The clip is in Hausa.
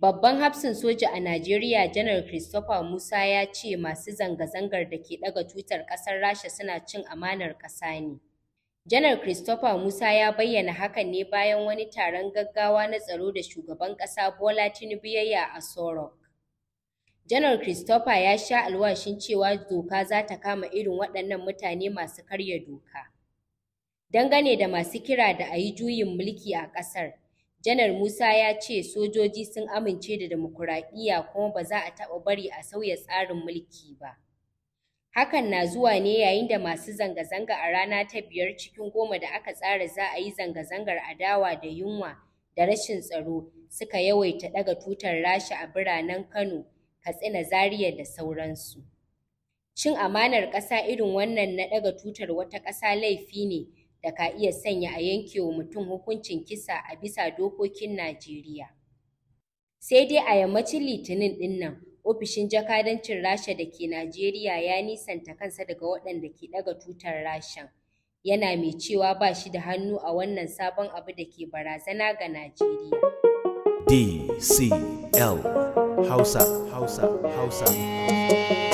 Babban hafsin soja a Najeriya Janar Christopher Musa ya ce masu zanga-zangar da ke ɗaga tutar ƙasar Rasha suna cin amanar ƙasa ne. Janar Christopher Musa ya bayyana hakan ne bayan wani taron gaggawa na tsaro da shugaban ƙasa Bola Tinubu ya a Sorok. Janar Christopher ya sha alwashin cewa doka za ta kama irin waɗannan mutane masu karya doka. Dangane da masu kira da a yi juyin mulki a ƙasar, Janar Musa ya ce sojoji sun amince da dimokuraɗiyya kuma ba za a taɓa bari a sauya tsarin mulki ba. Hakan na zuwa ne yayin da masu zanga-zanga a rana ta biyar cikin goma da aka tsara za a yi zanga-zangar adawa da yunwa da rashin tsaro suka yawaita ɗaga tutar Rasha a biranen Kano, Katsina, Zaria da sauransu. Cin amanar ƙasa irin wannan na ɗaga tutar wata ƙasa laifi ne da ka iya sanya a yanke wa mutum hukuncin kisa a bisa dokokin Najeriya. Sai dai a yammacin Litinin ɗin nan, ofishin jakadancin Rasha da ke Najeriya ya nisanta kansa daga waɗanda ke ɗaga tutar Rashan. Yana mai cewa ba shi da hannu a wannan sabon abu da ke barazana ga Najeriya. DCL Hausa, Hausa, Hausa.